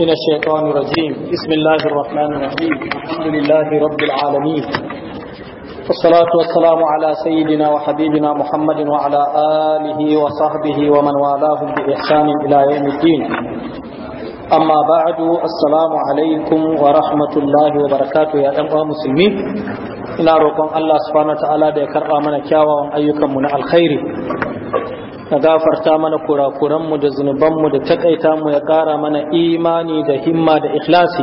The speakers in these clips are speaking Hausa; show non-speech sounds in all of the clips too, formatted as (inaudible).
من الشيطان الرجيم بسم الله الرحمن الرحيم الحمد لله رب العالمين والصلاة والسلام على سيدنا وحبيبنا محمد وعلى آله وصحبه ومن والاهم بإحسان إلى يوم الدين أما بعد السلام عليكم ورحمة الله وبركاته يا أمة مسلمين إلى ركن الله سبحانه وتعالى ذكر آمنا كاوا أيكم من الخير ka gafarta mana kurakuranmu da zunubanmu da takaita mu ya kara mana imani da himma da ikhlasi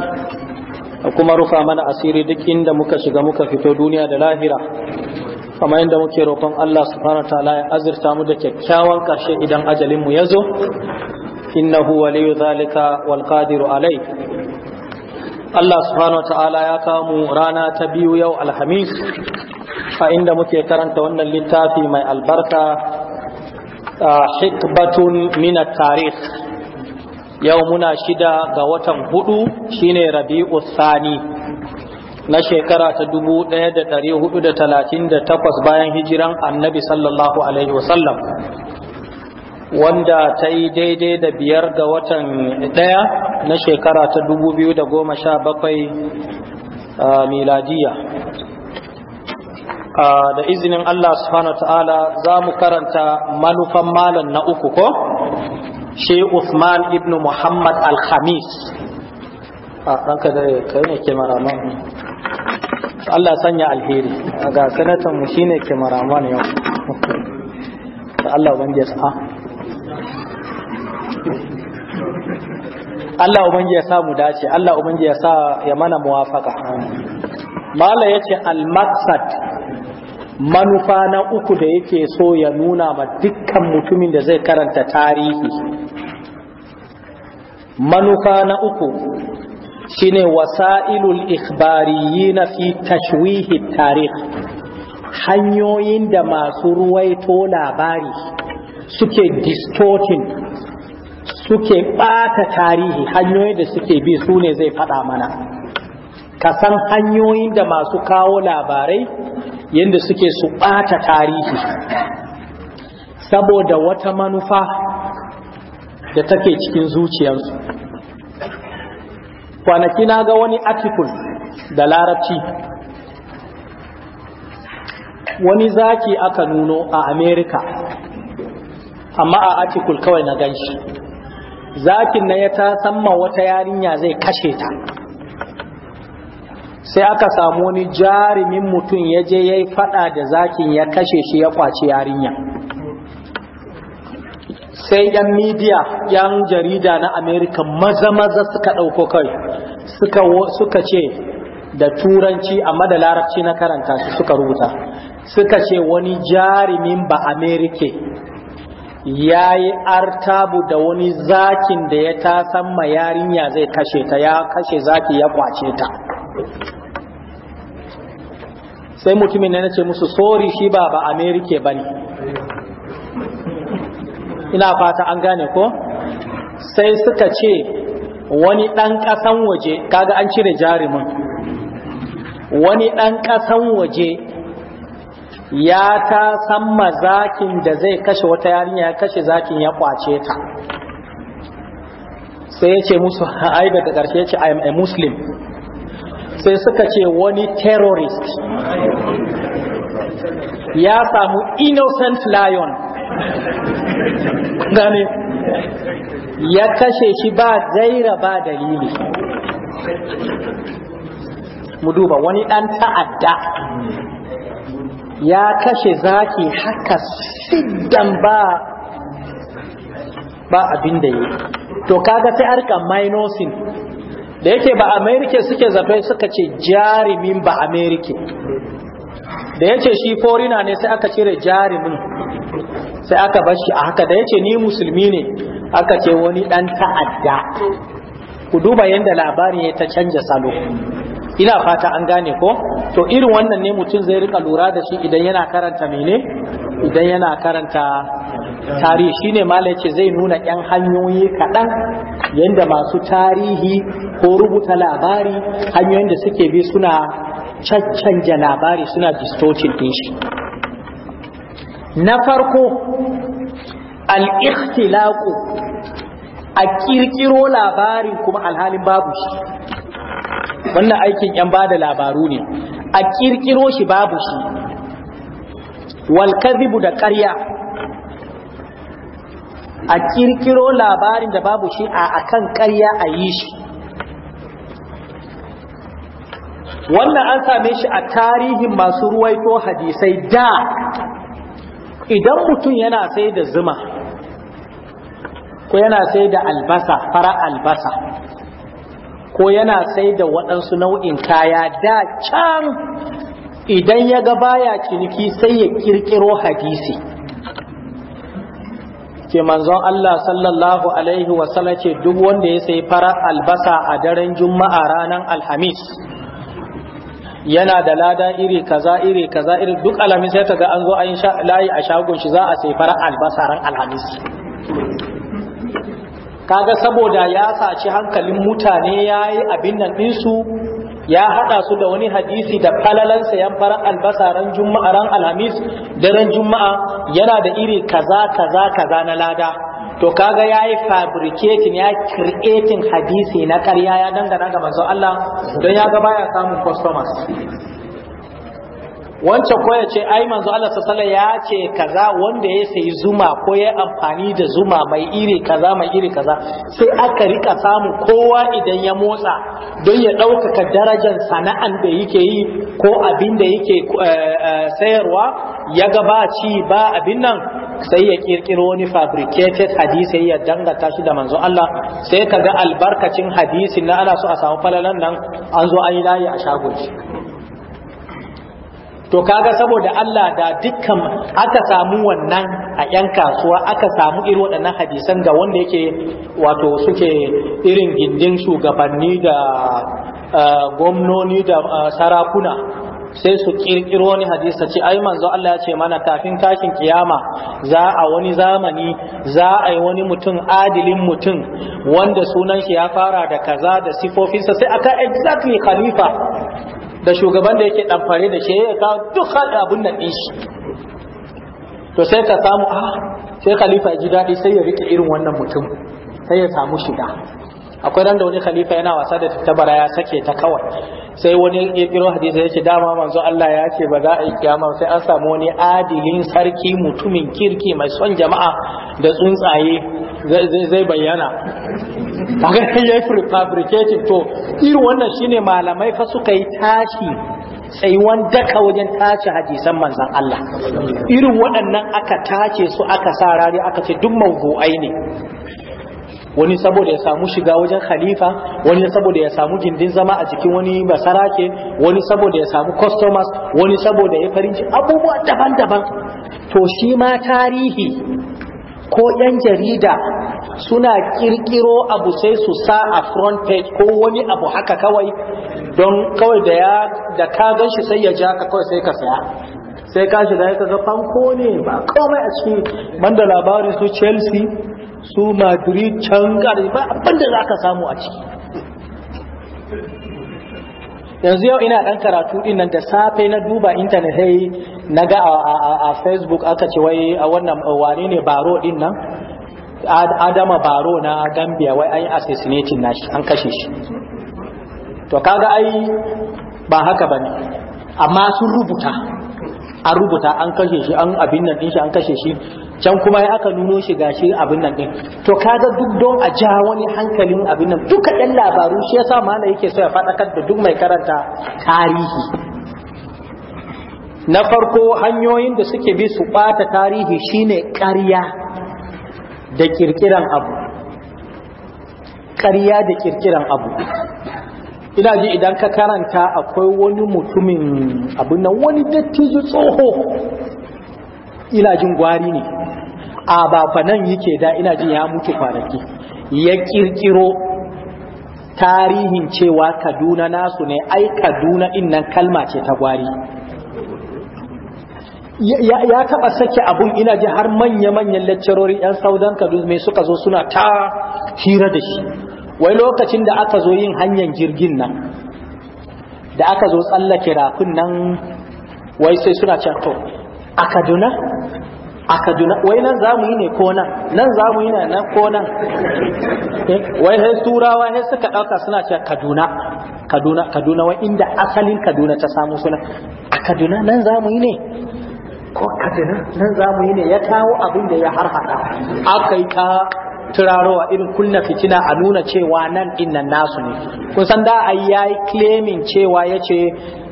da kuma rufa mana asiri duk inda muka shiga muka fito duniya da lahira kamar inda muke roƙon Allah subhanahu ta'ala ya azurta mu da kyakkyawan ƙarshe idan ajalin mu yazo innahu waliyu zalika wal qadiru alai Allah subhanahu ta'ala ya kawo mu rana ta biyu yau alhamis a inda muke karanta wannan littafi mai albarka hikbatun minat tarikh yau muna shida ga watan hudu shine rabi'u sani na shekara ta 1438 bayan hijiran annabi sallallahu alaihi wasallam wanda ta yi daidai da biyar ga watan daya na shekara ta 2017 miladiya Ah, da izinin Allah subhanahu ta'ala za mu karanta manufan malam na uku ko shi Uthman ibn Muhammad al-Khamis a ah, ranka da kai ne kemaraman Allah sanya alheri ga sanatan mu shine kemaraman yau Allah ubangiji sa Allah ubangiji ya sa mu dace Allah ubangiji ya sa ya mana muwafaka mala yace al-maqsad manufa na uku da yake so ya nuna ma dukkan mutumin da zai karanta tarihi manufa na uku shine wasa'ilul ikhbariyina fi tashwihi tarih hanyoyin da masu ruwaito labari suke distorting suke ɓata tarihi hanyoyin da suke bi su ne zai faɗa mana ka san hanyoyin da masu kawo labarai yadda suke su ɓata tarihi saboda wata manufa da take cikin zuciyarsu kwanaki na ga wani article da larabci wani zaki aka nuno a Amerika, amma a article kawai na ganshi zakin na ya ta samma wata yarinya zai kashe ta sai aka samu wani jarumin mutum ya je ya yi fada da zakin ya kashe shi ya kwaci yarinya sai yan midiya yan jarida na Amerika maza-maza suka ɗauko kai suka ce da turanci amma da larabci na karanta su suka rubuta suka ce wani jarumin ba amerika ya yi artabu da wani zakin da ya tasan ma yarinya zai kashe ta ya kashe zaki ya kwace ta sai mutumin ne na ce musu sori shi ba ba amerike ba ne ina fata an gane ko sai suka ce wani ɗan ƙasan waje kaga an cire jarumin wani ɗan ƙasan waje ya ta samma zakin da zai kashe wata yarinya ya kashe zakin ya kwace ta sai ya ce musu haibar da ƙarshe ya ce i am a muslim sai suka ce wani terrorist ya samu innocent lion gane ya kashe shi ba zaira ba dalili mu duba wani dan ta'adda ya kashe zaki haka siddan ba ba abin yi to kaga sai arka minosin da yake ba amerika suke zafai suka ce jarimin ba amerika da yake shi forina ne sai aka cire jarimin sai aka bashi a haka da yake ni musulmi ne aka ce wani dan ta'adda ku duba yadda labarin ya ta canja salo ina fata an gane ko to irin wannan ne mutum zai rika lura da shi idan yana karanta mene idan yana karanta tarihi shine malai ce zai nuna yan hanyoyi kaɗan yadda masu tarihi ko rubuta labari hanyoyin da suke bi suna caccanja labari suna distortin din shi na farko al a kirkiro labarin kuma alhalin babu shi wannan aikin yan ba da labaru ne a kirkiro shi babu shi wal da ƙarya a kirkiro labarin da babu shi a akan ƙarya a yi shi wannan an same shi a tarihin masu ruwaito hadisai da idan mutum yana sai da zuma ko yana sai da albasa fara albasa ko yana sai da waɗansu nau'in kaya da can idan ya ga baya ciniki sai ya kirkiro hadisi ke manzon Allah sallallahu alaihi wasallam ce duk wanda ya sai farar albasa a daren juma'a ranar alhamis yana da lada iri kaza iri kaza iri duk alhamis sai ga an zo a layi a shagon shi za a sai fara albasa ran alhamis kaga saboda ya saci hankalin mutane ya yi abin nan ɗinsu ya haɗa su da wani hadisi da falalan sayan farar albasa ran juma'a ran alhamis da ran juma'a yana da iri kaza kaza kaza na lada to kaga ya yi fabricating ya creating hadisi na karya ya dangana ga manzon Allah don ya ga baya samun customers wancan ko ya ce ai manzo Allah sallallahu ya ce kaza wanda ya sayi zuma ko ya amfani da zuma mai iri kaza mai iri kaza sai aka rika samu kowa idan ya motsa don ya ɗaukaka darajar sana'an da yake yi ko abin da yake eh, eh, sayarwa ya ga ba ba abin nan sai ya kirkiro wani fabricated hadisi ya dangata shi da manzo Allah sai kaga albarkacin hadisi na ana so a samu falalan nan an zo an yi layi a shagon to kaga saboda Allah da dukkan aka samu wannan a yan kasuwa aka samu irin waɗannan hadisan ga wanda yake wato suke irin gindin shugabanni da eh, gwamnoni da eh, sarakuna sai su kirkiro wani hadisa ce ai manzo Allah ya ce mana kafin tashin kiyama za a wani zamani za a yi wani mutum adilin mutum wanda sunan shi ya fara da kaza da sifofinsa sai aka exactly khalifa da shugaban da yake ɗamfare da shi ya kawo duk haɗa abun nan shi to sai ka samu a ah, sai khalifa ji daɗi sai ya rike irin wannan mutum sai ya samu shiga akwai ran da wani khalifa yana wasa da tattabara ya sake ta kawai sai wani kirkiro hadisi ya ce dama manzo Allah ya ce ba za a yi kiyama sai an samu wani adilin sarki mutumin kirki mai son jama'a da tsuntsaye zai bayyana kaga yayi fabricated to irin wannan shine malamai fa suka yi tashi wanda daka wajen tace hadisan manzan Allah irin waɗannan aka tace su aka sa rari aka ce duk mawdu'ai ne wani saboda ya samu shiga wajen khalifa wani saboda ya samu gindin zama a jikin wani basarake wani saboda ya samu customers wani saboda ya farin abubuwa daban-daban to shi ma tarihi ko yan jarida suna kirkiro abu sai su sa a front page ko wani abu haka kawai don kawai da ya da ka gan shi sai ya ja ka kawai sai ka saya sai ka shiga ya ga fanko ne ba komai a cikin banda labarin su chelsea su madrid can gari ba abinda za ka samu a ciki yanzu yau ina ɗan karatu ɗin da safe na duba intanet sai na ga a facebook aka ce wai a wannan wane ne baro ɗin nan adama baro na gambia wai an yi assassinating na shi an kashe shi to kaga ai ba haka ba ne amma sun rubuta an rubuta an kashe shi an abin nan din shi an kashe shi can kuma ya aka nuno shi gashi abin nan din to kaga duk don a ja wani hankalin abin nan duka ɗan labaru shi yasa mana yake so ya faɗakar da duk mai karanta tarihi na farko hanyoyin da suke bi su ɓata tarihi shine ƙarya da ƙirƙiran abu ƙarya da ƙirƙiran abu ina ji idan ka karanta akwai wani mutumin abin nan wani dattijo tsoho ina jin gwari ne a ba nan yake da ina jin ya mutu kwanaki ya kirkiro tarihin cewa kaduna nasu ne ai kaduna innan kalma ce ta gwari ya taba sake abun ina ji har manya-manyan lecturori 'yan saudan kaduna mai suka zo suna ta hira da shi wai lokacin da aka zo yin hanyar jirgin nan da aka zo tsallake rafin nan wai sai suna can to a kaduna a kaduna wai nan za mu yi ne ko nan nan za mu yi ne nan ko nan eh, wai sai turawa sai suka ɗauka suna ce kaduna kaduna kaduna wai inda asalin kaduna ta samu suna a kaduna nan za mu yi ne ko kaduna nan za mu yi ne ya kawo abin da ya harhaɗa aka yi ta turarowa irin kunna fitina a nuna cewa nan innan nasu ne kun san da ai yayi claiming cewa yace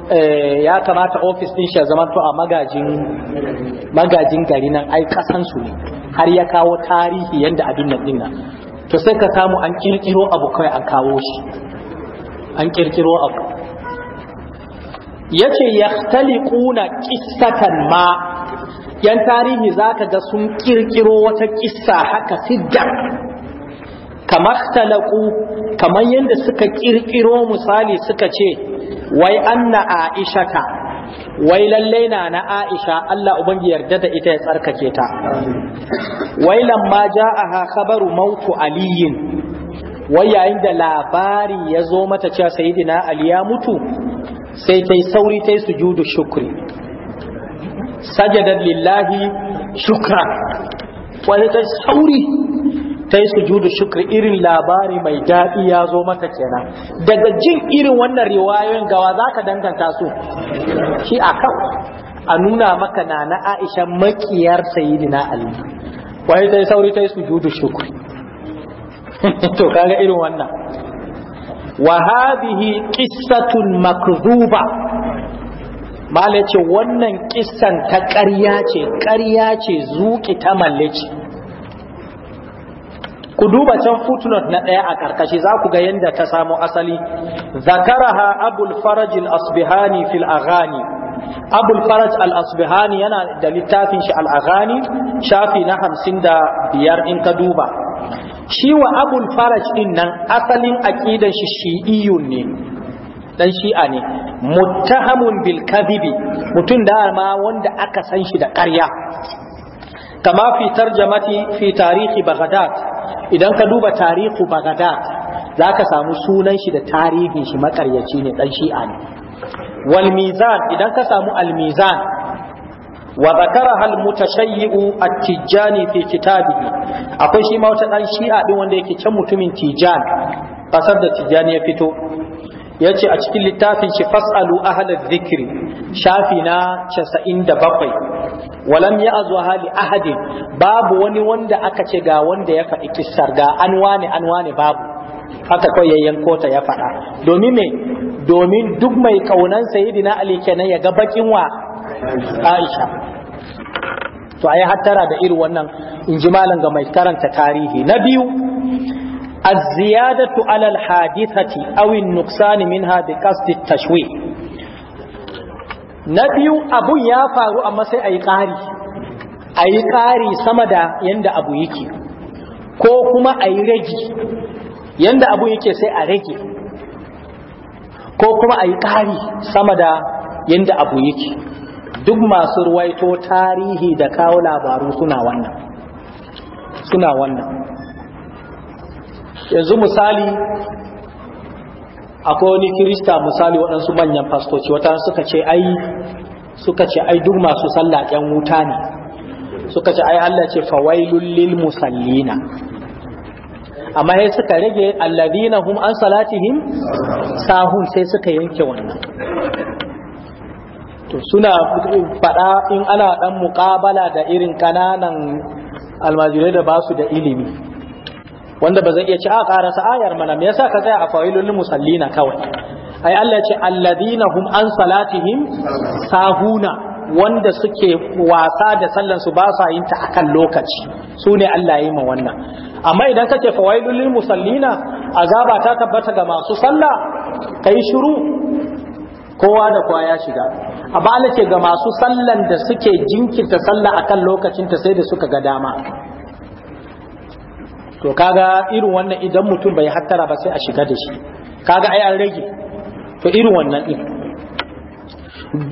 eh, ya kamata office din shi ya zama to a magajin magajin gari nan ai kasan su ne har ya kawo tarihi yanda abin nan din nan to sai ka samu an kirkiro abu kai an kawo shi an kirkiro abu yace yaxtaliquna qissatan ma yan tarihi za ka ga sun kirkiro wata kissa haka sidda kamar talaku kamar yadda suka kirkiro misali suka ce wai anna aisha ka, wai Lallai na na aisha Allah ubangi yarda da ita ya tsarkake ta wai lamma a khabaru mautu aliyin wai yayin da labari ya zo mata cewa sayyidina ali ya mutu sai ta sauri ta yi sujudu shukri sajadar lillahi shukra wani ta sauri ta yi sujudu shukri irin labari mai daɗi ya zo mata kenan daga jin irin wannan riwayoyin gawa za ka danganta su shi a kan a nuna maka na na aisha makiyar sayidina ali wani ta yi sauri ta yi sujudu shukri (laughs) to kaga irin wannan wa hadhihi qissatun makdhuba mala ce wannan kisan ta ƙarya ce ƙarya ce zuƙi ta mallaci ku duba can footnote na ɗaya a ƙarƙashi za ku ga yadda ta samo asali zakaraha abul faraj al-asbihani fil aghani abul faraj al-asbihani yana da littafin shi al-aghani shafi na hamsin da biyar in ka duba shi wa abul faraj din nan asalin aƙidar shi shi'iyyun ne dan shi'a ne muttahamun bil kadhibi mutun da ma wanda aka san shi da ƙarya kama fi tarjamati fi tarihi baghdad idan ka duba tarihu baghdad zaka samu sunan shi da tarihin shi makaryaci ne dan shi'a ne wal mizan idan ka samu al mizan wa zakaraha al mutashayyi'u at-tijani fi kitabihi akwai shi ma wata dan shi'a din wanda yake can mutumin tijan kasar da tijani ya fito Yace a cikin littafin shi fas'alu ahalar zikiri shafi na casa'in da bakwai walam ya azu hali ahadin babu wani wanda aka ce ga wanda ya faɗi kissar ga an wane an wane babu haka kawai yayyan kota ya faɗa domin me domin duk mai kaunan sayidina ali kenan ya ga bakin wa aisha to ayi hattara da irin wannan in ji malam ga mai karanta tarihi na biyu الزيادة على الحادثة أو النقصان منها بقصد التشويه نبي أبو يافارو أما سي أي قاري أي قاري سمدا يند أبو يكي ko kuma a yi rage yadda abu yake sai a rage ko kuma a ƙari sama da yadda abu yake duk masu ruwaito tarihi da kawo labaru suna wannan yanzu misali akwai wani kirista misali waɗansu manyan fastoci wata suka ce ai duk masu salla wuta ne suka ce ai Allah ce fawailul lil musallina amma sai suka rage alladina hum an salatihim sahun sai suka yanke wannan to suna faɗa in ana ɗan muƙabala da irin ƙananan almajirai da basu da ilimi wanda ba zai iya ci a karasa ayar mana me yasa ka tsaya a fa'ilul musallina kawai ai Allah ya ce alladina hum an salatihim sahuna wanda suke wasa da sallan su ba sa yin ta akan lokaci su ne Allah ya yi ma wannan amma idan kake fa'ilul musallina azaba ta tabbata ga masu sallah kai shiru kowa da kowa ya shiga a ba ce ga masu sallan da suke jinkirta sallah akan lokacin ta sai da suka ga dama to kaga irin wannan idan mutum bai hattara ba sai a shiga da shi kaga ai an rage to irin wannan din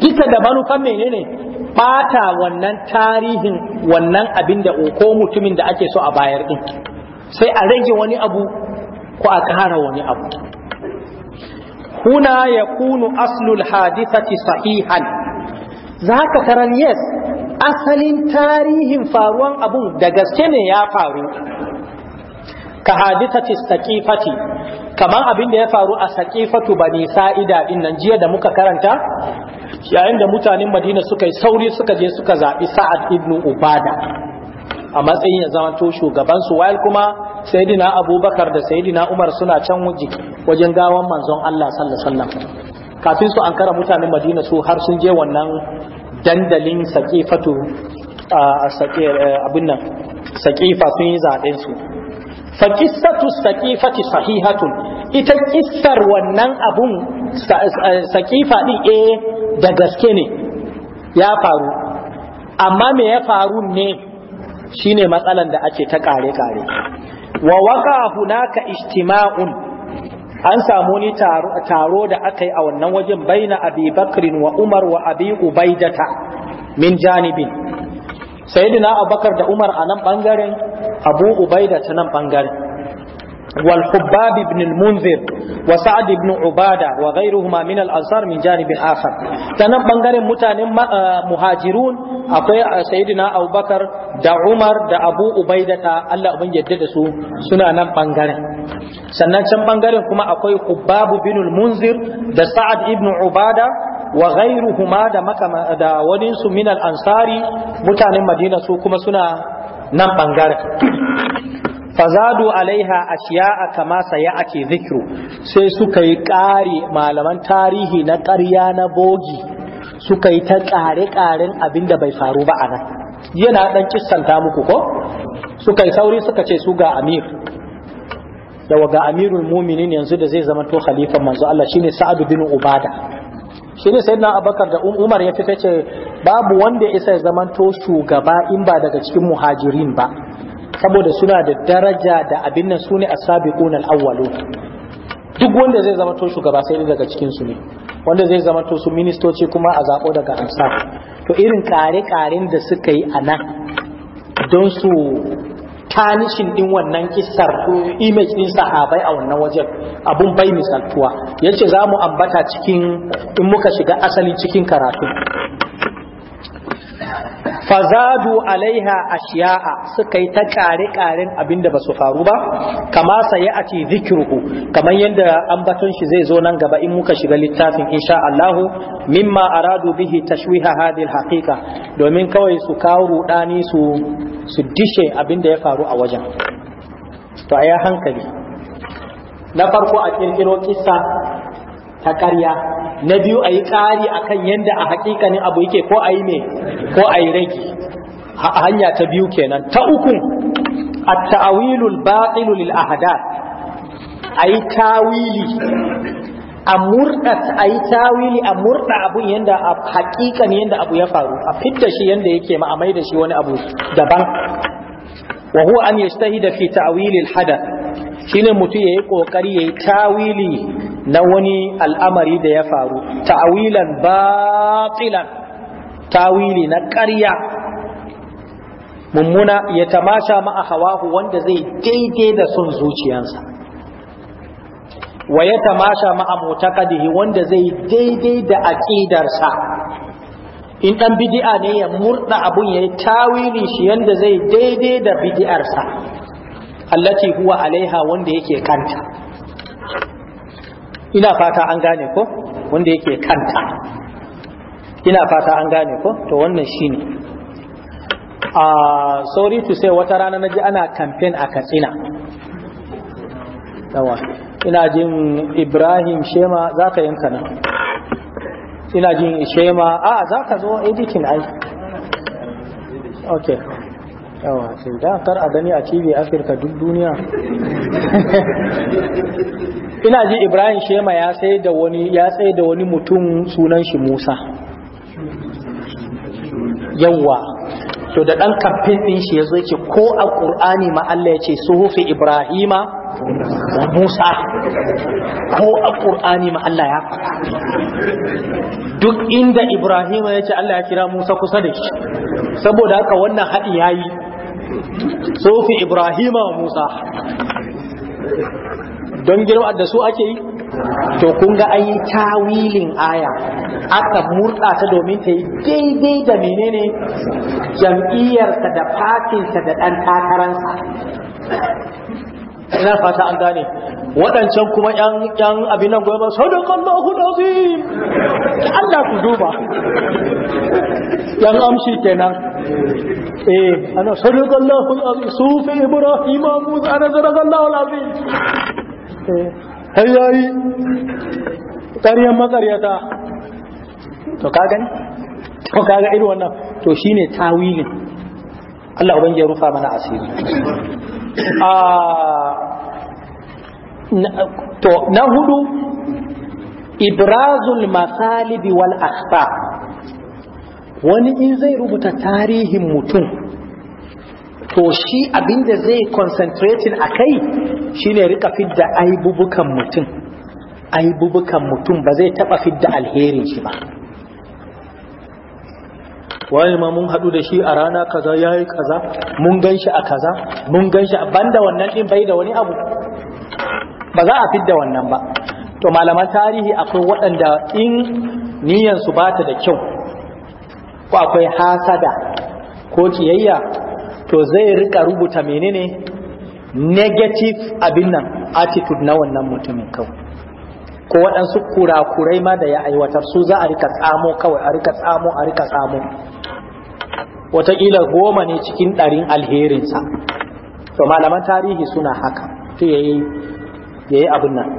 duka da manufan menene bata wannan tarihin wannan abin da ko mutumin da ake so a bayar din sai a rage wani abu ko a kara wani abu huna kunu aslul hadithati sahihan zaka taran yes asalin tarihin faruwan abun da gaske ne ya faru ka ce saqifati kamar abin da ya faru a saqifatu bani sa'ida din nan jiya da muka karanta yayin da mutanen Madina suka yi sauri suka je suka zaɓi Sa'ad ibn Ubada a matsayin ya zama to shugaban su wayar kuma sayyidina Abubakar da sayyidina Umar suna can wajen gawan manzon Allah sallallahu alaihi kafin su ankara mutanen Madina su har sun je wannan dandalin saqifatu a eh, abin nan sun yi zaben su fa qissatu saqifati sahihatun ita kissar wannan abun eh, saqifa din eh da gaske ne ya faru amma me ya faru ne shine matsalan da ake ta kare kare wa waka hunaka ijtima'un an samu ni taro da aka yi a wannan wajen baina abi bakrin wa umar wa abi ubaidata min janibin sayyidina abubakar da umar a nan bangaren abu ubaida ta bangare wal hubbab ibn munzir wa sa'ad ibn ubada wa ghayruhuma min al ansar min janib akhar ta nan bangaren mutanen eh, muhajirun akwai eh, sayyidina abubakar da umar da abu ubaida ta Allah yadda da su suna nan bangaren sannan can bangaren kuma akwai hubbab ibn munzir da sa'ad ibn ubada wa ghairuhuma da maka da wani ansari mutanen Madina su kuma suna nan bangare. fazadu alaiha ashiya'a kama saya ake zikiru sai suka yi ƙari malaman tarihi na ƙarya na bogi suka yi ta ƙare-ƙaren abinda bai faru ba a nan yana ɗan kissanta muku ko suka yi sauri suka ce su ga amir yawa ga amirul muminin yanzu da zai zama to khalifan manzo Allah shine sa'adu bin ubada shi ne sayyidina abakar da umar ya fita ce babu wanda ya isa ya zamanto shugaba in ba daga cikin muhajirin ba saboda suna da daraja da abin nan sune ne as-sabiqun al duk wanda zai zama shugaba sai daga cikin su ne wanda zai to su ministoci kuma a zaɓo daga ansa to irin ƙare-ƙaren da suka yi a nan don su tanishin din wannan kissar image din sahabai a wannan wajen abun bai misaltuwa yace za mu ambata cikin in muka shiga asali cikin karatu fazadu alaiha ashiya'a suka yi ta kare karen abinda ba su faru ba kama saye a ce zikirku kamar yadda an ambaton shi zai zo nan gaba in muka shiga littafin insha Allahu mimma aradu bihi tashwiha hadil alhaqiqa domin kawai su kawo rudani su su dishe da ya faru a wajen to a hankali na farko a kirkiro kissa ta ƙarya na biyu a yi ƙari a kan yadda a hakikanin abu yake ko a yi ne ko a yi rage hanya ta biyu kenan ta uku a ta'awilul baƙilu lil ahadat a yi tawili a murɗa a yi tawili a murɗa abun yadda a hakikan yadda abu ya faru a fitta shi yadda yake ma a mai da shi wani abu daban wa huwa an yajtahida fi ta'wilil hadath shine mutum yayi kokari yayi tawili na wani al'amari da ya faru ta'wilan batilan tawili na ƙarya mummuna ya tamasha ma'a hawahu wanda zai daidai da son zuciyansa wa ya tamasha ma'a mutaqadihi wanda zai daidai da aqidarsa in dan bid'a ne ya murda abun ya tawili shi yanda zai daidai da sa allati huwa alaiha wanda yake kanta ina fata an gane ko wanda yake kanta ina fata an gane ko to wannan shine a ah, sorry to say wata rana naji ana campaign a Katsina yawa ina jin Ibrahim Shema zaka yanka nan ina jin shema a za ka zo editing ai ok yawa sai da kar a gani a tv afirka duk duniya (laughs) ina ji ibrahim shema ya sai da wani ya sai da wani mutum sunan shi musa yawa to da dan kafin din shi yazo yake ko alqur'ani ƙurani ma Allah ya ce suhufi ibrahima Musa ko a ma Allah ya faɗa duk inda Ibrahim ya ce Allah ya kira Musa kusa da shi saboda haka wannan haɗi yayi sofi Ibrahim wa Musa don girma da su ake yi to kun ga an tawilin aya aka murɗa ta domin ta yi daidai da menene jam'iyyarsa da fatinsa da ɗan takaransa ina fata an gane waɗancan kuma ‘yan abin nan goyon sadakan lahu nazim Allah ku duba ‘yan amshi kenan eh ana sadakan lahu nazim sufi ibrahim musa ana sadakan lahu nazim eh, har yayi ƙaryan makaryata to ka gani Ko ka ga irin wannan to shine tawilin Allah ubangiji ya rufa mana asiri ah to na hudu ibrazul masalibi wal akhta wani in zai rubuta tarihin mutum to shi abinda zai concentrating a kai shine rika fidda aibubukan mutum aibubukan mutum ba zai taba fidda alherin shi ba wani ma mun hadu da shi a rana kaza ya yi kaza mun ganshi a kaza mun ganshi a banda wannan ɗin bai da wani abu ba za a fidda wannan ba to malaman tarihi akwai waɗanda in niyyarsu ba ta da kyau ko akwai hasada ko kiyayya to zai rika rubuta menene negative abin nan attitude na wannan mutumin kawai ko waɗansu kurakurai ma da ya aiwatar su za a rika tsamo kawai a rika tsamo a rika tsamo wataƙila goma ne cikin ɗarin alherinsa to malaman tarihi suna haka ta yayi yi abin nan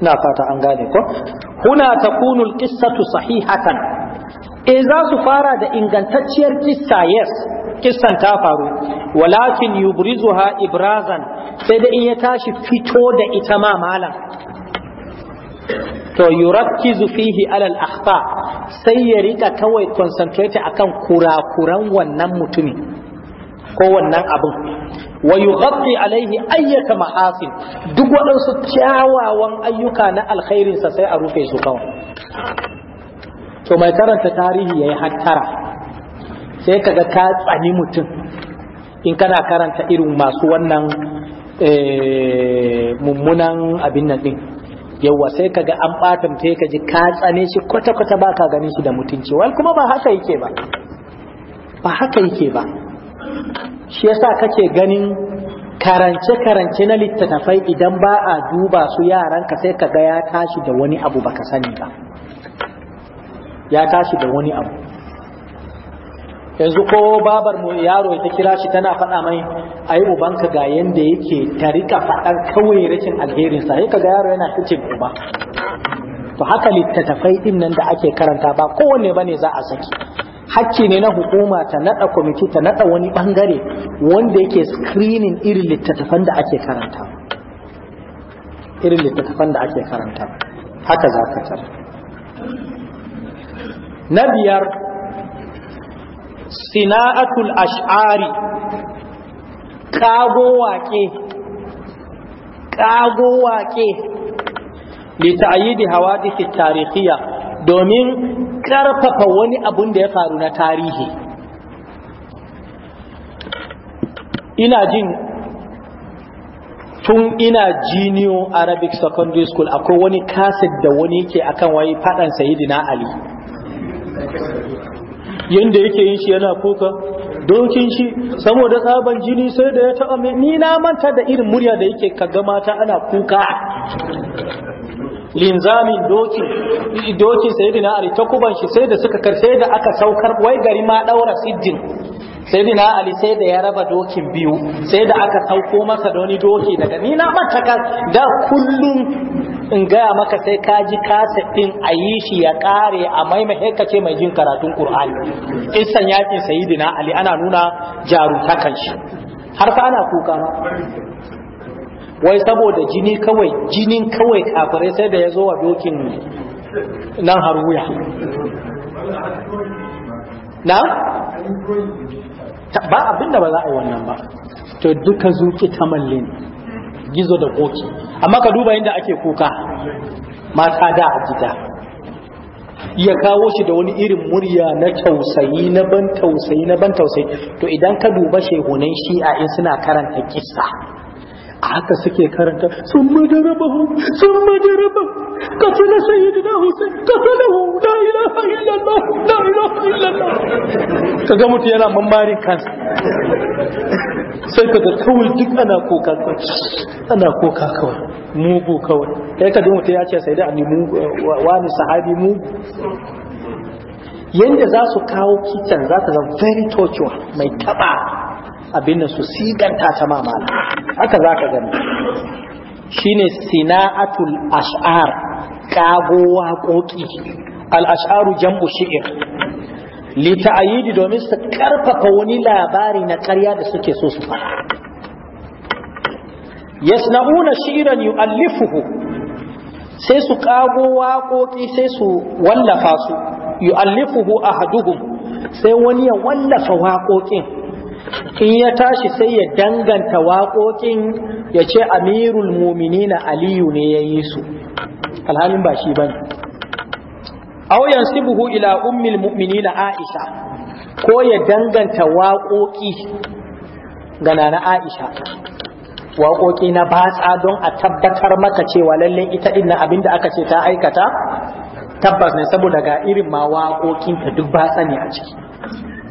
ina fata an gane ko huna takunu alqissatu sahihatan eh za su fara da ingantacciyar kissa yes kissan ta faru walakin yubrizuha ibrazan sai da in ya tashi fito da ita ma malam to yurakkizu fihi alal akhta sai ya rika kawai concentrate akan kurakuran wannan mutumi ko wannan abin wa yughatti alaihi ayyata ma'asin duk waɗansu kyawawan ayyuka na alkhairinsa sai a rufe su kawai to mai karanta tarihi yayi hattara sai kaga ka tsani mutum in kana karanta irin masu wannan eh, mummunan abin nan din yawa sai kaga an batan sai ka ji ka tsane shi kwata kwata ba ka ganin shi da mutunci wal kuma ba haka yake ba ba haka yake ba shi yasa kake ganin karance-karance na littattafai idan ba a duba su yaranka sai ka ga ya tashi da wani abu baka sani ba ya tashi da wani abu yanzu ko babar mu yaro ta kira shi tana faɗa mai ai ubanka ga yanda yake ta rika faɗar kawai rashin alherin sa sai kaga yaro yana cikin uba to haka littattafai din nan da ake karanta ba kowanne bane za a saki hakki ne na hukuma ta nada kwamiti ta nada wani bangare wanda yake screening irin littattafan da ake karanta irin littattafan da ake karanta haka za ka tar na biyar sina'atul ash'ari kago wake kago wake li ta'yidi hawadith tarihiyya domin ƙarfafa wani abun da ya faru na tarihi ina jin tun ina jiniyo arabic secondary school akwai wani kaset da wani yake akan wayi faɗan sayyidina ali yanda yake yin shi yana kuka dokin shi saboda tsaban jini sai da ya taɓa ni na manta da irin murya da yake kaga mata ana kuka linzamin dokin dokin sayyidina ali kuban shi sai da suka karshe da aka saukar wai gari ma daura sijjin sayyidina ali sai da ya raba dokin biyu sai da aka sauko masa da wani doki daga ni na manta da kullum in gaya maka sai ka ji kaset din a yi shi ya kare a maimai ka ce mai jin karatun qur'ani isan yakin sayyidina ali ana nuna jarutakan shi har fa ana kuka ma wai saboda jini kawai jinin kawai kafirai sai da ya zo wa dokin nan har wuya na? ba abinda ba za a yi wannan ba to duka zuki ta mallin gizo da koki amma ka duba yadda ake kuka mata da a gida ya kawo shi da wani irin murya na tausayi na ban tausayi na ban tausayi to idan ka duba shehunan shi'a in suna karanta kisa haka suke karanta sun madarabahu sun madarabahu katila sayyidina husain katilahu la ilaha illallah la ilaha illallah kaga mutu yana mammarin kansa sai ka kaga kawai duk ana koka kawai ana koka kawai mugu kawai ya kaga mutu ya ce sai da annabi mugu wani sahabi mugu yanda za su kawo kitan za ta zama very torture mai taba abin da su siganta ta mamala haka za ka gani shine sina'atul ash'ar kago waƙoƙi al-ash'aru jam'u shi'ir Lita ta'yidi domin su karfafa wani labari na ƙarya da suke so su fara yasna'una shi'ran yu'allifuhu sai su kago waƙoƙi sai su wallafa su yu'allifuhu ahaduhum sai wani ya wallafa waƙoƙin in ya tashi sai ya danganta waƙoƙin ya ce amirul na aliyu ne ya yi su alhalin ba shi bane su buhu ila ummil na aisha ko ya danganta waƙoƙi ga na aisha waƙoƙi na batsa don a tabbatar maka cewa lallai ita din na abinda aka ce ta aikata tabbas ne saboda ga irin ma waƙoƙinta duk batsa ne a ciki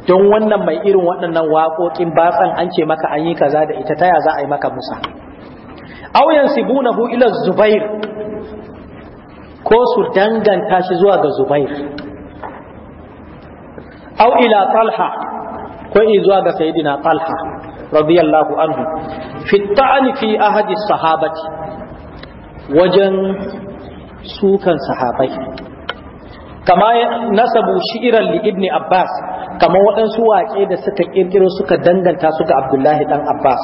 don wannan mai irin waɗannan waƙoƙin batsan an ce maka an yi kaza da ita taya za a yi maka musa auyan sibunahu ila zubair ko su danganta shi zuwa ga zubair au ila talha ko zuwa ga sayidina talha radiyallahu anhu fi ta'ani fi ahadi sahabati wajen sukan sahabai kama nasabu shi'iran li ibni abbas kama waɗansu waƙe da suka ƙirƙiro suka danganta su ga abdullahi ɗan abbas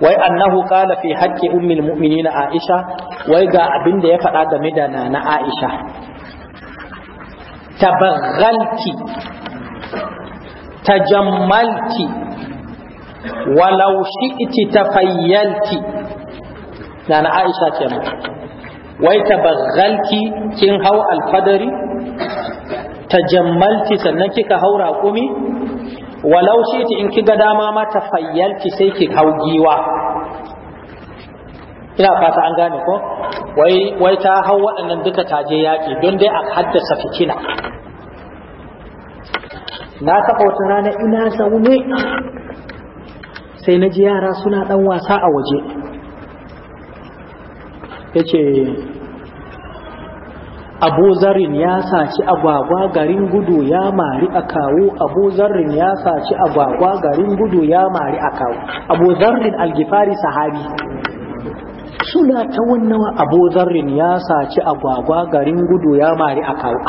wai annahu qala fi haqqi ummil mu'minina aisha wai ga abin da ya faɗa game da nana aisha tabaghalti tajammalti walau shi'ti tafayyalti nana aisha kenan wai tabaghalti kin hau alfadari tajammalti sannan kika haura kumi walau shiti in kiga dama ma tafayyalti sai ki hau giwa ina fata an gane ko wai wai ta hau waɗannan duka taje yaƙi don dai a haddasa fitina na taɓa wata rana ina zaune sai naji yara suna ɗan wasa a waje yace abu zarin ya saci agwagwa garin gudu ya mari a kawo abu zarin ya saci agwagwa garin gudu ya mari a kawo abu zarin algifari sahabi suna ta wannan abu zarin ya saci agwagwa garin gudu ya mari a kawo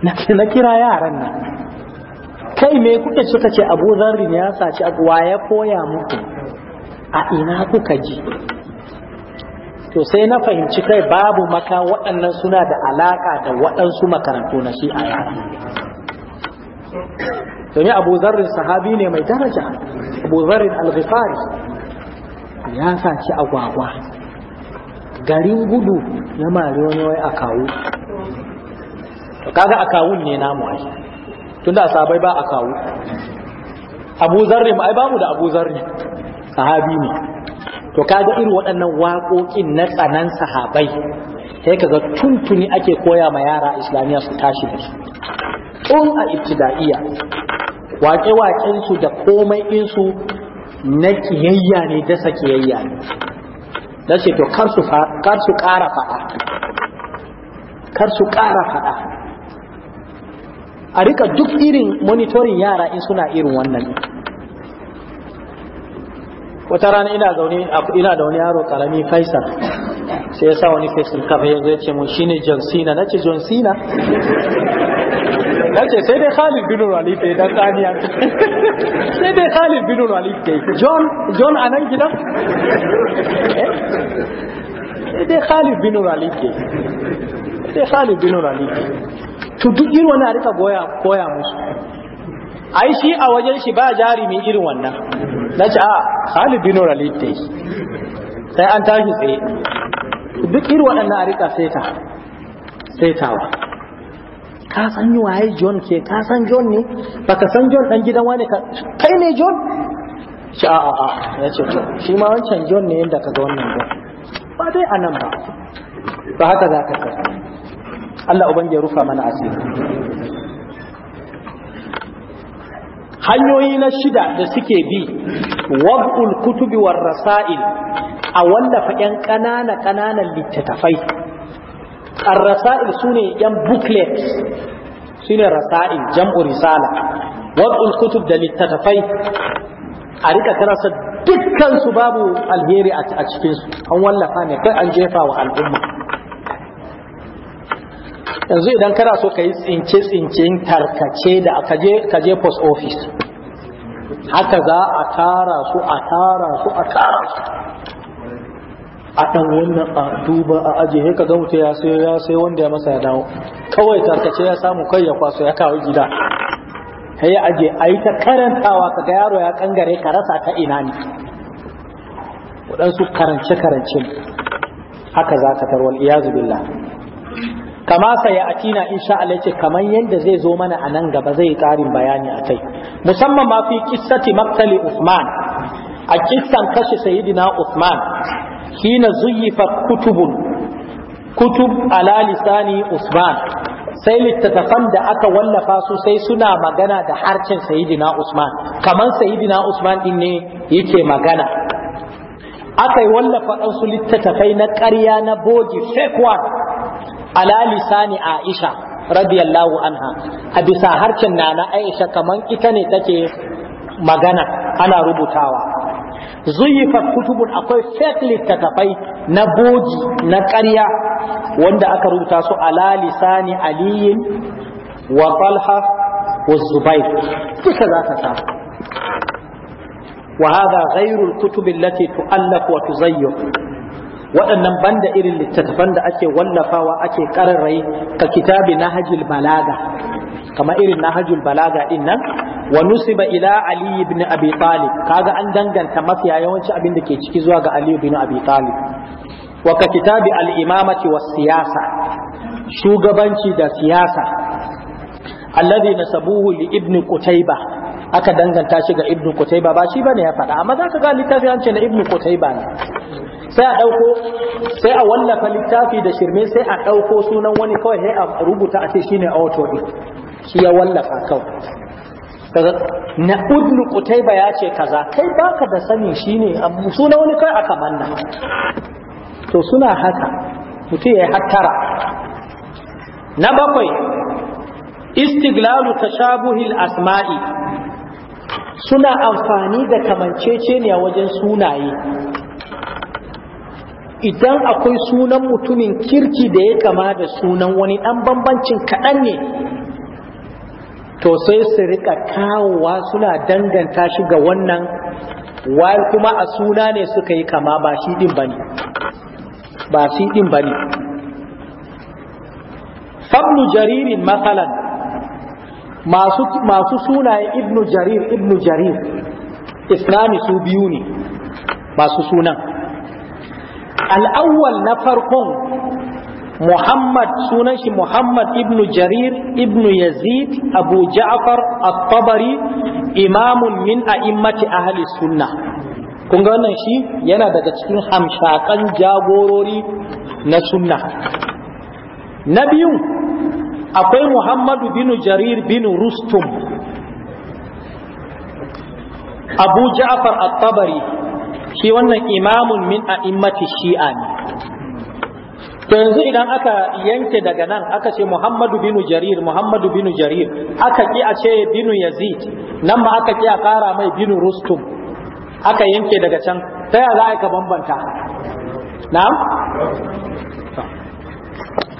na kira yaran nan kai me kuka suka ce abu zarin ya saci agwa ya koya muku a ina kuka ji to sai na fahimci kai babu maka waɗannan suna da alaƙa da waɗansu makarantu na shi a yara domin abu zarrin sahabi ne mai daraja abu zarrin alghifari ya saci agwagwa garin gudu na mare wani wai a kawo kaga a kawun ne namu ai tunda a sabai ba a kawo abu zarrin ai babu da abu zarrin sahabi ne to kaga irin waɗannan waƙoƙin na tsanan sahabai sai kaga tuntuni ake koya ma yara islamiyya su tashi da su tun a ibtida'iya waƙe-waƙen su da komai in su na kiyayya ne dasa kiyayya ne da ce to kar su ƙara faɗa kar su ƙara faɗa a rika duk irin monitorin yara in suna irin wannan wata rana ina zaune ina da wani yaro karami Faisal sai ya sa wani fesil kafa ya zai ce mun shine John Cena nace John Cena nace sai dai Khalid bin Walid dai dan tsaniya (laughs) sai dai Khalid bin Walid dai John John anan gidan eh? sai dai Khalid bin Walid dai sai Khalid bin Walid to duk irin wannan a rika goya koya musu ai shi a wajen shi ba jarumi irin wannan na ce a Khalid bin Walid dai sai an tashi tsaye duk irin waɗannan a rika seta setawa ka san yi waye John ke ka san John ne baka san John dan gidan wani ka kai ne John ce a a a ya ce to shi ma wancan John ne yadda ka ga wannan John ba dai a nan ba ba haka za ka Allah ubangiji ya rufa mana asiri hanyoyi na shida da suke bi wad'ul kutubi war rasa'il a wallafa yan kanana kananan littattafai ar rasa'il sune yan booklets sune rasa'il jam'u risala wad'ul kutub da littattafai a rika karasa dukkan su babu alheri a cikin su an wallafa ne kai an jefa wa al'umma yanzu idan kana so ka yi tsince-tsincen tarkace da ka je post office haka za a tara su a tara su a tara su a ɗan wannan a duba a aje he ka mutu ya sayo ya sayo wanda ya masa ya dawo kawai tarkace ya samu kai ya kwaso ya kawo gida ka yi aje a yi ta karantawa ka ga yaro ya kangare ka rasa ka ina ne waɗansu karance-karance haka za ka tarwal iyazu billah kama saya atina insha Allah ce kamar yadda zai zo mana a nan gaba zai yi karin bayani a kai musamman ma fi kissati maktali Usman a kissan kashe sayyidina Usman hina zuyifa kutubun kutub ala lisani Usman sai littattafan da aka wallafa su sai suna magana da harcin Sayyidina Usman kaman Sayyidina Usman din ne yake magana aka yi wallafa ɗansu littattafai na ƙarya na bogi fake one ala lisani aisha radiyallahu anha a bisa harcin nana aisha kaman ita ne take magana ana rubutawa zuyifat kutubun akwai fake littattafai na boji na ƙarya wanda aka rubuta su ala lisani aliyin wa talha wa zubair duka za ka samu وهذا غير الكتب التي تؤلف وتزيف waɗannan banda irin littattafan da ake wallafawa ake ƙararrai ka kitabi nahajul balaga kama irin nahajul balaga ɗin nan wa nusiba ila ali ibn abi talib kaga an danganta mafiya yawanci abin da ke ciki zuwa ga ali ibn abi talib wa ka kitabi al imamati was siyasa shugabanci da siyasa alladhi nasabuhu li ibn qutaybah aka danganta shi ga Ibn kutaiba ba shi bane ya faɗa amma za ka ga littafin an ce na ibnu kutaiba ne sai a ɗauko sai a wallafa littafi da shirme sai a ɗauko sunan wani kawai sai a rubuta a ce shi ne auto ɗin shi ya wallafa kawai na udnu ba ya ce kaza kai baka da sani shi ne sunan wani kawai aka manna to suna haka mutum ya hattara na bakwai istiglalu tashabuhil asma'i suna amfani da kamanceceniya wajen sunaye idan akwai sunan mutumin kirki da ya kama da sunan wani ɗan bambancin kaɗan ne to sai su rika kawowa suna danganta shi ga wannan wayar kuma a suna ne suka yi kama ba shi ɗin ba ba shi ɗin bane jaririn matsalan masu sunaye ibnu jarir ibnu jarir islami su biyu ne masu sunan al'awwal na farkon Muhammad sunan shi Muhammad ibn Jarir ibn Yazid Abu Ja'far At-Tabari imamun min a'immati ahli sunna kun ga wannan shi yana daga cikin hamshakan jagorori na sunna na biyu akwai Muhammadu bin Jarir bin Rustum Abu Ja'far At-Tabari shi wannan imamun min a'immati shi'a ne to yanzu idan aka yanke daga nan aka ce Muhammadu binu Jarir Muhammadu binu Jarir aka ki a ce binu Yazid nan ba aka ki a kara mai binu Rustum aka yanke daga can ta yaya za ka bambanta na'am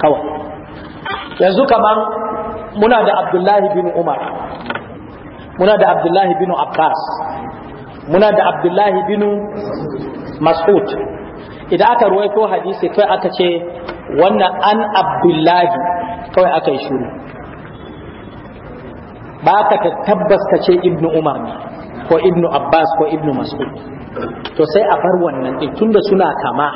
kawai yanzu kamar muna da Abdullahi bin Umar muna da Abdullahi bin Abbas muna da abdullahi bin mas'ud idan aka ruwaito hadisi kai aka ce wannan an abdullahi kawai aka yi shuru ba ka tabbas ka ce ibnu umar ne ko ibnu abbas ko ibnu mas'ud to sai a bar wannan din tunda suna kama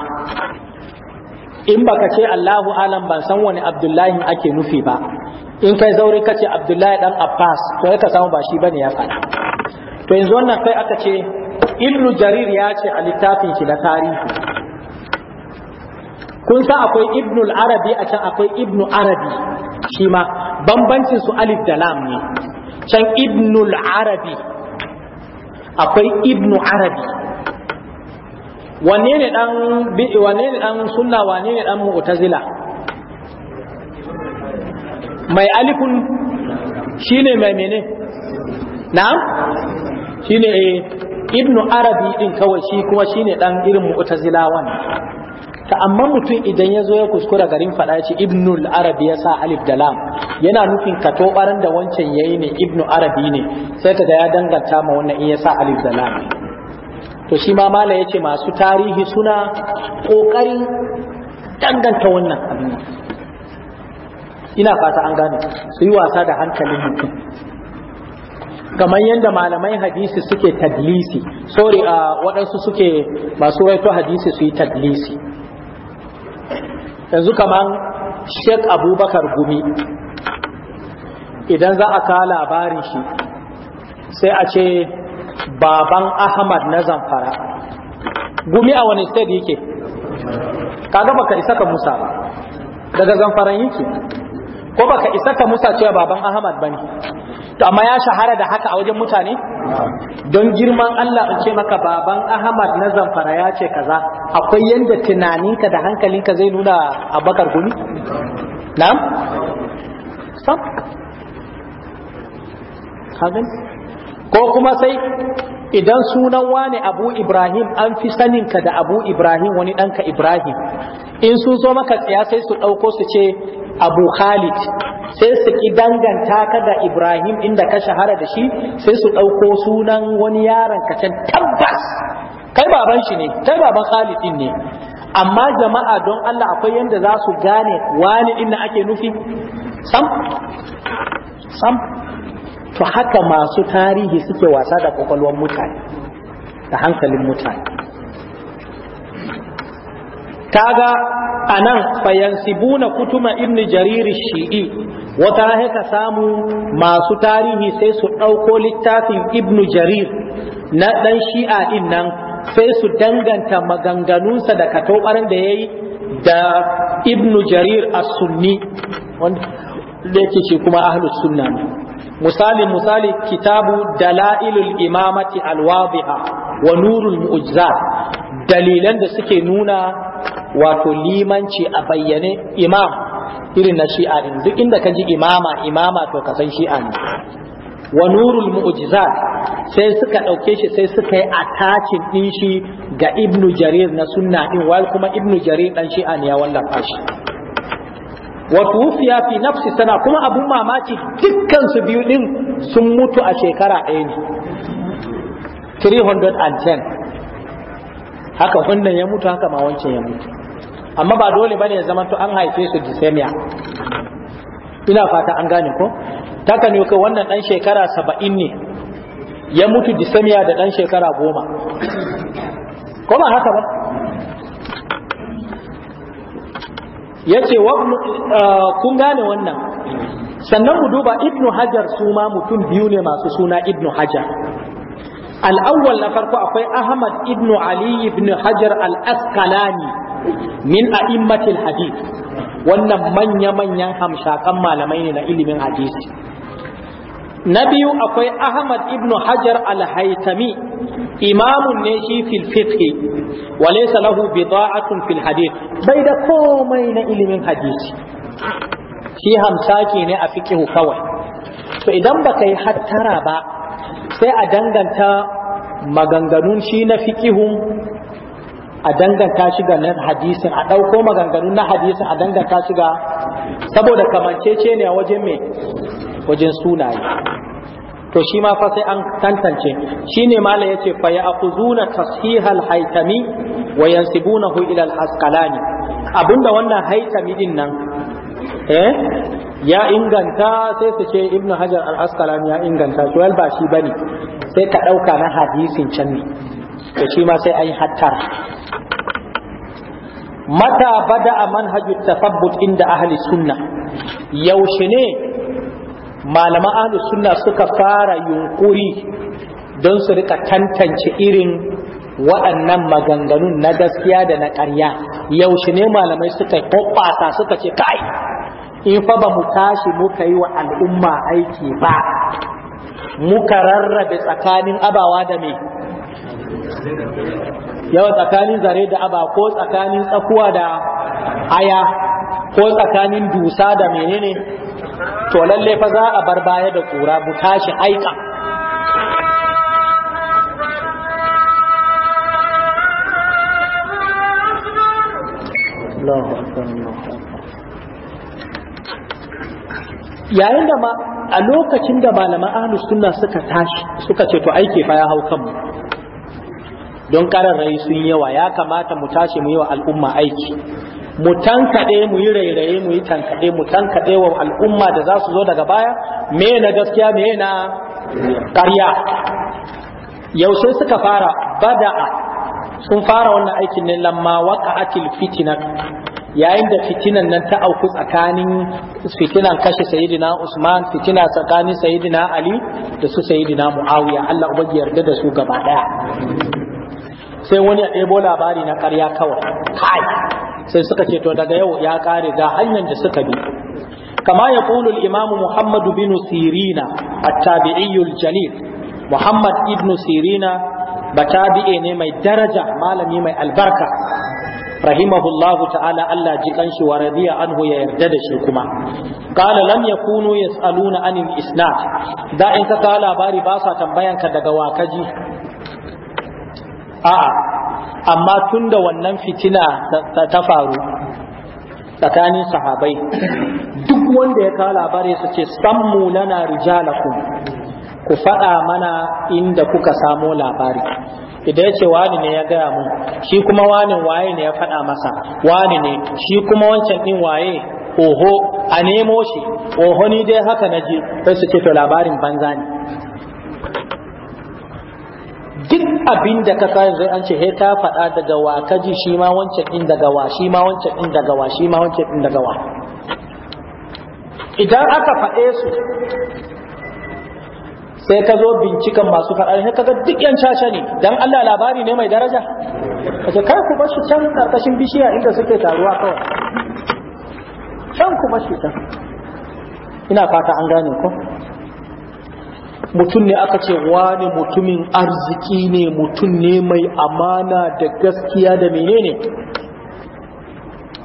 in baka ce Allahu alam ban san wani Abdullahi ake nufi ba in kai zaure kace Abdullahi dan Abbas to ka samu ba shi bane ya faɗa to yanzu wannan kai aka ce ibnu jarir ya ce a littafin shi na tarihi kun san akwai ibnu arabi a can akwai ibnu arabi shi ma bambancin su alif da lam ne can ibnu arabi akwai ibnu arabi wanne ne dan wanne ne dan sunna wanne ne dan mu'tazila mai alifun shine mai mene na'am shine eh, ibnu arabi ɗin kawai shi kuma shine ɗan irin mu'tazilawan ta amma mutum idan ya zo ya kuskura garin faɗa ce ibnu arabi ya sa alif da lam yana nufin ka tobaran da wancan yayi ne ibnu arabi ne sai ga ya danganta ma wannan in ya sa alif da lam to shi ma mala ce masu tarihi suna kokarin danganta wannan abin ina fata an gane su yi wasa da hankalin mutum kamar yadda malamai hadisi suke tadlisi sorry a uh, waɗansu suke masu raito hadisi su yi tadlisi yanzu kamar sheik abubakar gumi idan za a kawo labarin shi sai a ce baban ahmad na zamfara gumi a wani state yake kaga baka isa ka musa ba daga zamfara yake ko baka isa ka musa cewa baban ahmad ba ne? to amma ya shahara da haka a wajen mutane don girman Allah in ce maka baban Ahmad na zamfara ya ce kaza akwai yanda tunaninka da hankalinka zai nuna abakar gumi na'am sam hagan ko kuma sai idan sunan wane abu ibrahim an fi saninka da abu ibrahim wani ɗanka ibrahim in sun zo maka tsaya sai su ɗauko su ce abu khalid sai su ki danganta ka da ibrahim inda ka shahara da shi sai su ɗauko sunan wani yaron ka can tabbas kai baban shi ne kai baban khalid ne amma jama'a don allah akwai yadda za su gane wani inda ake nufi sam sam to haka masu tarihi suke wasa da kwakwalwar mutane da hankalin mutane kaga anan fayansibuna kutuma ibn jarir shi'i wata haka samu masu tarihi sai su ɗauko littafin ibn jarir na ɗan shi'a din nan sai su danganta maganganunsa da katobarin da ya yi da ibn jarir a sunni wanda yake shi kuma ahlus sunna misali misali kitabu dalailul imamati alwadiha wa nurul mu'jizat dalilan da suke nuna wato limanci a bayyane imam irin na shi'a din duk inda ka ji imama imama to ka san shi'a ne wa nurul mu'jizat sai suka dauke shi sai suka yi attachin din shi ga ibnu jarir na sunna din wal kuma ibnu jarir dan shi'a ne ya wallafa shi wa tufiya fi nafsi sana kuma abun mamaki dukkan su biyu din sun mutu a shekara ɗaya ne 310 haka wannan ya mutu haka ma wancan ya mutu amma ba dole bane ya zama to an haife su dysemia ina fata an gane ko Ta kan yi wannan dan shekara saba'in ne ya mutu dysemia da dan shekara goma ko ba haka ba ya ce eh, kun gane wannan sannan mu duba ibnu hajar su ma mutum biyu ne masu suna ibnu hajar al'awwal na farko akwai ahmad ibnu ali ibnu hajar al'askalani min immatin hadith wannan manya-manyan hamshakan malamai ne na ilimin hadisi na biyu akwai ahmad ibnu hajar al-haitami imamun ne shi fil fiqh wa laysa lahu bida'atun fil hadith bai da komai na ilimin hadisi shi hamsaki ne a fiqh kawai to idan baka yi hattara ba sai a danganta maganganun shi na fiqihun a danganta shi ga nan hadisin a ɗauko maganganu na hadisin a danganta shi ga saboda kamancece ne a wajen mai wajen sunaye to shi ma fa sai an tantance Shi ne mala yace fa ya'khuzuna tashihal haitami wa yansibunahu ila al-asqalani abinda wannan haitami din nan eh ya inganta sai su ce ibnu hajar al-asqalani ya inganta to ba shi bane sai ka ɗauka na hadisin can ne to shi ma sai an hattar mata bada a manhajut tafabbut inda ahli sunna yaushe ne malaman ahli sunna suka fara yunkuri don su rika tantance irin waɗannan maganganun na gaskiya da na ƙarya yaushe ne malamai suka hoɓasa suka ce kai in fa ba mu tashi muka yi wa al'umma aiki ba muka rarrabe tsakanin abawa da mai yawa tsakanin zare da aba ko tsakanin tsakuwa da aya ko tsakanin dusa da menene to lalle fa za a bar baya da kura bu tashi aika yayin da ma a lokacin da malaman ahlus sunna suka tashi suka ce to aike fa ya hau kanmu don kararrai sun yawa ya kamata mu tashi mu yi wa al'umma aiki mu tankaɗe mu yi rairaye mu yi tankaɗe mu tankaɗe wa al'umma da za su zo daga baya me na gaskiya me na ƙarya yaushe suka fara bada'a sun fara wannan aikin ne lamma atil fitina yayin da fitinan nan ta auku tsakanin fitinan kashe sayidina Usman fitina tsakanin sayidina Ali da su sayidina Muawiya Allah ubangi yarda da su gaba daya sai wani ya ɗebo labari na ƙarya kawai kai sai suka ce to daga yau ya ƙare ga hanyar da suka bi kama ya ƙulul imamu muhammadu bin sirina attabi'iyul jalil muhammad ibnu sirina batabi'e ne mai daraja malami mai albarka rahimahullahu ta'ala Allah ji kanshi wa radiya anhu ya yarda da shi kuma qala lam yakunu yasaluna anil isnad da in ka ka labari ba sa tambayan ka daga wakaji a'a amma tun da wannan fitina ta faru tsakanin sahabai duk wanda ya kawo labari su ce sammu lana rijalakum ku faɗa mana inda kuka samo labari idan ya ce wani ne ya gaya mu shi kuma wani waye ne ya faɗa masa wani ne shi kuma wancan ɗin waye oho a nemo shi oho ni dai haka na ji sai su ce to labarin banza ne duk abin da ka sa yanzu an ce he ka faɗa daga wa ka ji shi ma wancan din daga wa shi ma wancan din daga wa shi ma wancan din daga wa idan aka faɗe su sai ka zo bincikan masu faɗa ne ga duk yan caca ne dan Allah labari ne mai daraja kace kai ku bashi can karkashin bishiya inda suke taruwa kawai can ku bashi can ina fata an gane ko mutum ne aka ce wani mutumin arziki ne mutum ne mai amana da gaskiya da menene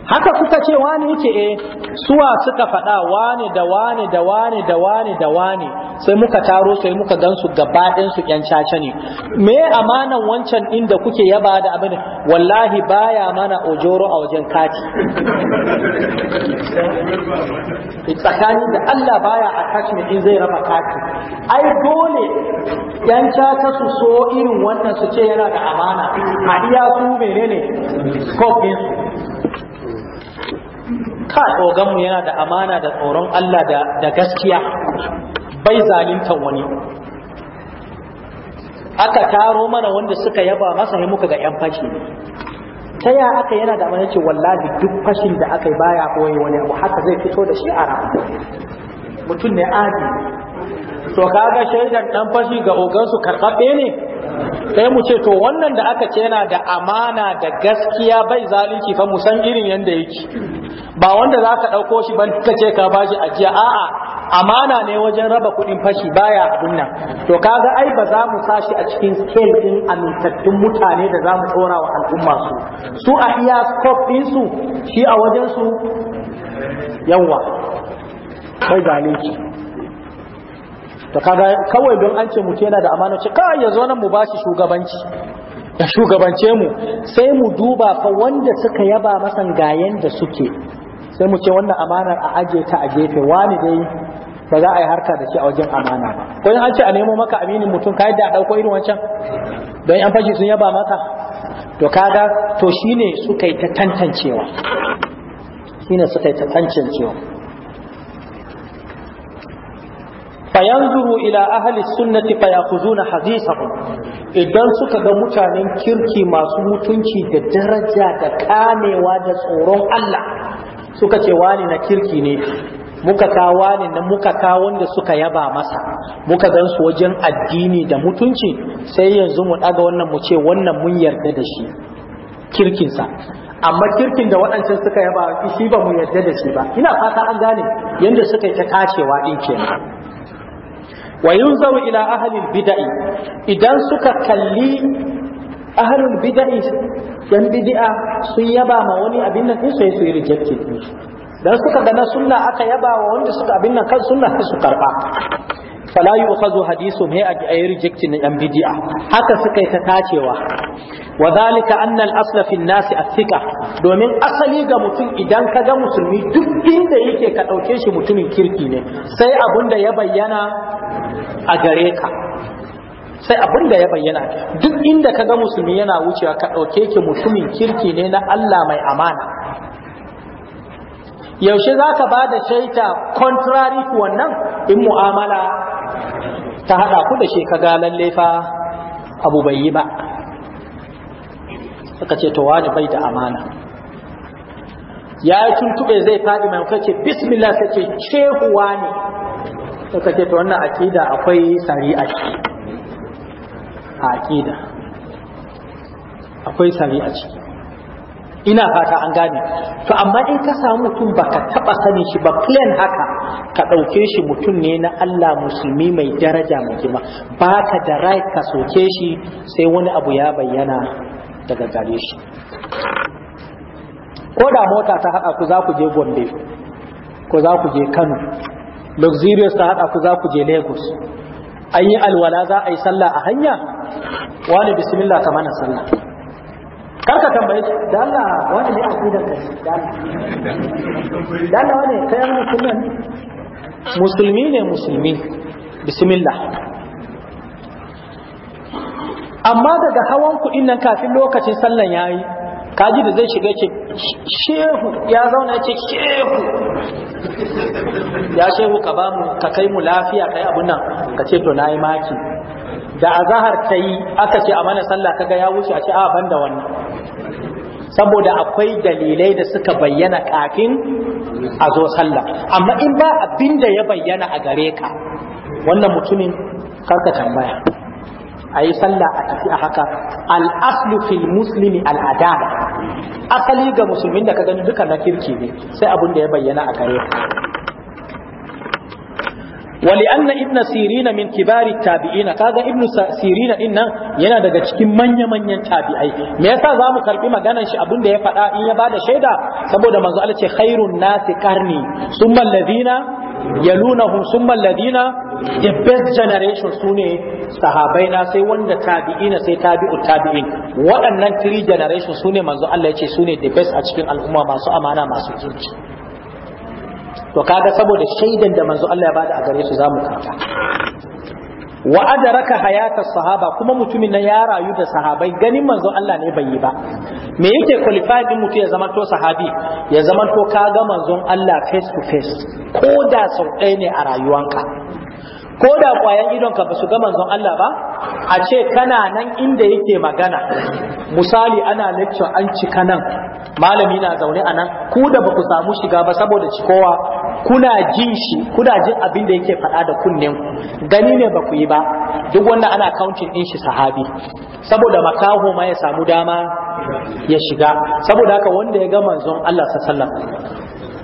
haka kuka ce wani yake eh suwa suka faɗa wane da wane da wane da wane da wane sai muka taro sai muka gansu gabaɗin su ƴan caca ne me amanan wancan inda kuke yaba da abin wallahi baya mana ojoro a wajen kati tsakanin da Allah baya a attachment in zai raba kati ai dole ƴan caca su so irin wannan su ce yana da amana a iya su menene kofin ka mu yana da amana da tsoron Allah da gaskiya bai zalintan wani aka taro mana wanda suka yaba masa ya muka ga 'yan fashi ta ya aka yana da amana ce wallahi duk fashin da aka yi baya koyi wani abu haka zai fito da shi a mutum ne adi to kaga shaidar dan fashi ga ogansu karɓaɓɓe ne sai mu ce to wannan da aka ce yana da amana da gaskiya bai zalunci fa mu san irin yanda yake ba wanda za ka ɗauko shi ban ka ce ka bashi ajiya a'a amana ne wajen raba kuɗin fashi baya abin nan to kaga ai ba za mu sashi a cikin scale ɗin amintattun mutane da za mu tsora wa al'umma su su a iya scope ɗinsu shi a wajen su yawa bai zalunci to kaga kawai don an ce mu yana da amana ce kawai ya zo nan mu bashi shugabanci ya shugabance mu sai mu duba fa wanda suka yaba masan gayen da suke sai mu ce wannan amanar a aje ta a gefe wani dai ba za a yi harka da shi a wajen amana ba ko an ce a nemo maka aminin mutum ka yadda a dauko irin wancan don yan fashi sun yaba maka to kaga to shine suka yi ta tantancewa shine suka yi ta tantancewa fayanzuru ila ahli sunnati fayakuzuna hadithahum idan suka ga mutanen kirki masu mutunci da daraja da kamewa da tsoron Allah suka ce wani na kirki ne muka ka wani na muka ka wanda suka yaba masa muka gan su wajen addini da mutunci sai yanzu mu daga wannan mu ce wannan mun yarda da shi kirkinsa amma kirkin da waɗancan suka yaba shi ba mu yarda da shi ba ina fata an gane yanda suka yi ta kacewa din kenan wa yunzaru ila ahlil bid'i idan suka kalli ahlul bid'i yan bid'a sun yaba ma wani abin nan sai su yi rejected dan suka ga na sunna aka yaba wa wanda suka abin nan kan sunna (laughs) su karɓa. fala yu'khadhu hadithum hay a rejecting na yan bid'a haka suka yi ta tacewa wa zalika anna al-asla fi an domin asali ga mutum idan ka ga musulmi duk inda yake ka dauke shi mutumin kirki ne sai abunda ya bayyana a gare ka sai abin da ya bayyana duk inda ka ga musulmi yana wucewa ka ɗauke ki mutumin kirki ne na Allah mai amana yaushe za ka ba da shaita contrary to wannan in mu'amala ta haɗa ku da shi ka ga lalle fa abu bai yi ba suka ce to wani bai da amana ya yi tuntube zai faɗi mai kace bismillah sai ce shehu wani? suka ce to wannan akida akwai sari'a ciki a aƙida akwai sari'a ciki ina fata an gane to amma in ka samu mutum baka taba sani shi ba plain haka ka ɗauke shi mutum ne na Allah musulmi mai daraja mai ba baka da right ka soke shi sai wani abu ya bayyana daga gare shi ko da mota ta haɗa ku za ku je Gombe ko za ku je Kano luxurious ta haɗa ku za ku je Lagos an yi alwala za a yi sallah a hanya wani bismillah ka mana sallah karka tambaye shi da Allah wani ne aqidar ka da Allah da Allah wani kai musulman. musulmi ne musulmi bismillah amma daga hawan kuɗin nan kafin lokacin sallan yayi kaji da zai shiga ce shehu ya zauna ce shehu ya shehu ka ba mu ka kai mu lafiya kai abun nan ka ce to nayi maki da azahar ta yi aka ce a mana sallah kaga ya wuce a ce a ban da wannan saboda akwai dalilai da suka bayyana kafin a zo sallah amma in ba abin da ya bayyana a gare ka wannan mutumin karka tambaya a yi sallah a tafi a haka al'aslu fil muslimi al'ada asali ga musulmin da ka gani duka na kirki ne sai abin da ya bayyana a gare ka wali anna ibn sirina min kibari tabi'ina kaga ibn sirina din nan yana daga cikin manya manyan tabi'ai me yasa zamu karbi maganar shi da ya faɗa in ya bada shaida saboda manzo Allah ce khairun nasi qarni summa alladhina yalunahum summa alladhina the best generation sune sahabai na sai wanda tabi'ina sai tabi'u tabi'in waɗannan three generation sune manzo Allah ya sune the best a cikin al'umma masu amana masu kirki to kaga saboda shaidan da manzo Allah ya bada a gare su zamu karta wa adraka hayata sahaba kuma mutumin nan ya rayu da sahabai ganin manzo Allah ne bai yi ba me yake qualified din mutum ya zama to sahabi ya zama to kaga manzon Allah face to face ko da sau ɗaya ne a rayuwanka ko da kwayan idonka ba su ga manzon Allah ba a ce kana nan inda yake magana misali ana lecture an cika nan malami na zaune a nan ku da ba ku samu shiga ba saboda cikowa kuna jin shi kuna jin abin da yake faɗa da kunnen gani ne ba ku yi ba duk wanda ana counting din shi sahabi saboda makaho ma ya samu dama ya shiga saboda haka wanda ya ga manzon Allah sallallahu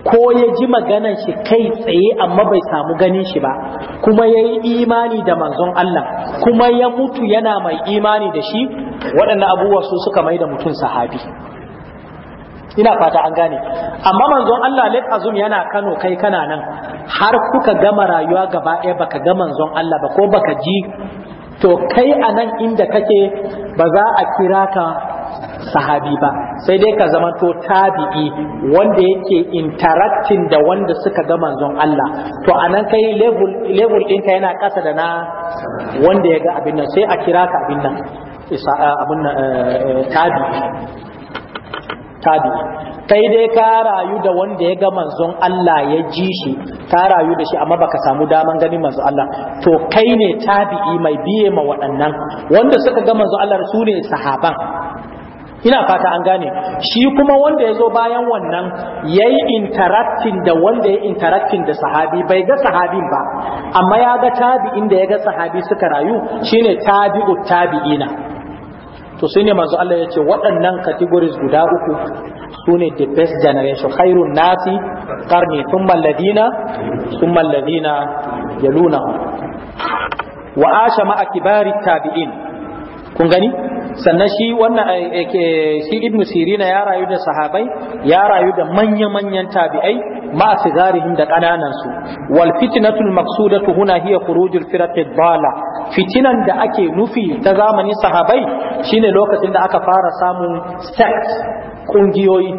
ko ya ji maganan shi kai tsaye amma bai samu ganin shi ba kuma ya yi imani da manzon Allah kuma ya mutu yana mai imani da shi waɗannan abubuwa su suka mai da mutum sahabi ina fata an gane amma manzon Allah let azum yana Kano kai kana nan har kuka gama rayuwa gaba ɗaya baka ga manzon Allah ba ko baka ji to kai a nan inda kake ba za a kira ka sahabi ba sai dai ka zama to tabi'i wanda yake interacting da wanda suka ga manzon Allah to a nan kai level level ɗinka yana ƙasa da na wanda ya ga abin nan sai a kira ka abin nan abin eh, eh, tabi'i tabi'i kai dai ka rayu da wanda ya ga manzon Allah ya ji shi ka rayu da shi amma baka samu daman ganin manzon Allah to kai ne tabi'i mai biye ma waɗannan wanda suka ga manzon Allah su ne sahaban ina fata an gane shi kuma wanda ya zo bayan wannan ya yi interacting da wanda ya interacting da sahabi bai ga sahabin ba amma ya ga tabi'in da ya ga sahabi suka rayu shine tabi'u tabi'ina to sai ne manzo Allah ya ce waɗannan categories guda uku su ne the best generation khairun nasi karni thumma alladhina thumma alladhina yalunahum wa asha ma'a kibari tabi'in kun gani sannan shi wannan eh, eh, shi ibnu sirina ya rayu da sahabai ya rayu da manya-manyan tabi'ai ma sigarihim da kananan su wal fitnatul maqsudatu huna hiya khurujul firaqid dala fitinan da ake nufi ta zamanin sahabai shine lokacin da aka fara samun sect kungiyoyi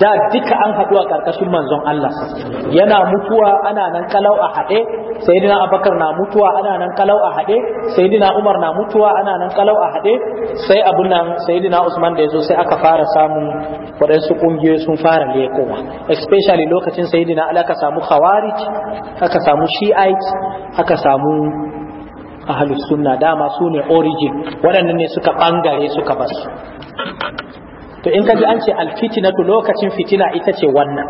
da duka an haɗu a ƙarƙashin manzon Allah yana mutuwa ana nan kalau a haɗe sayyidina Abubakar na mutuwa ana nan kalau a haɗe sayyidina Umar na mutuwa ana nan kalau a haɗe sai abun nan sayyidina Usman da ya zo sai aka fara samun waɗansu ƙungiyoyi sun fara lekowa especially lokacin sayyidina Ali aka samu Khawarij aka samu Shi'ite aka samu ahlus sunna dama sune ne origin waɗannan ne suka bangare suka bas. to in ka ji an ce alfitinatu lokacin fitina ita ce wannan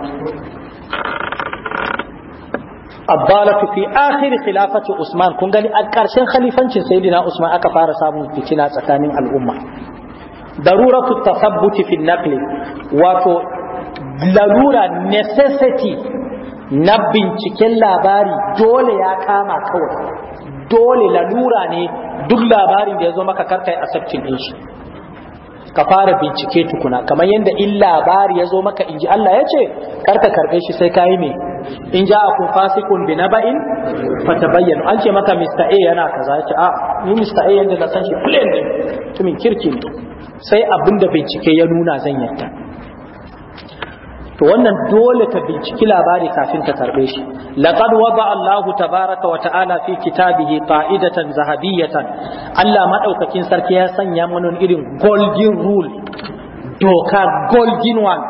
abbalatu fi akhir khilafati usman kun gani a ƙarshen khalifancin sayyidina usman aka fara samun fitina tsakanin al'umma daruratu tasabbuti fi naqli wato larura necessity na binciken labari dole ya kama kawai dole lalura ne duk labarin da ya zo maka karkai accepting din shi ka fara bincike tukuna kamar yadda in labari ya zo maka inji Allah ya ce karka karbe shi sai yi ne in ja akun fasikun bi naba'in fa tabayyanu an ce maka Mr A yana kaza ya ce a ah, ni Mr A yanda na san shi plain ne tumin kirki ne sai abinda bincike ya nuna zan yadda to wannan dole ka binciki labari kafin ka karbe shi laqad wada Allahu tabaraka wa ta'ala fi kitabihi qa'idatan zahabiyatan Allah madaukakin sarki ya sanya mana irin golden rule doka golden one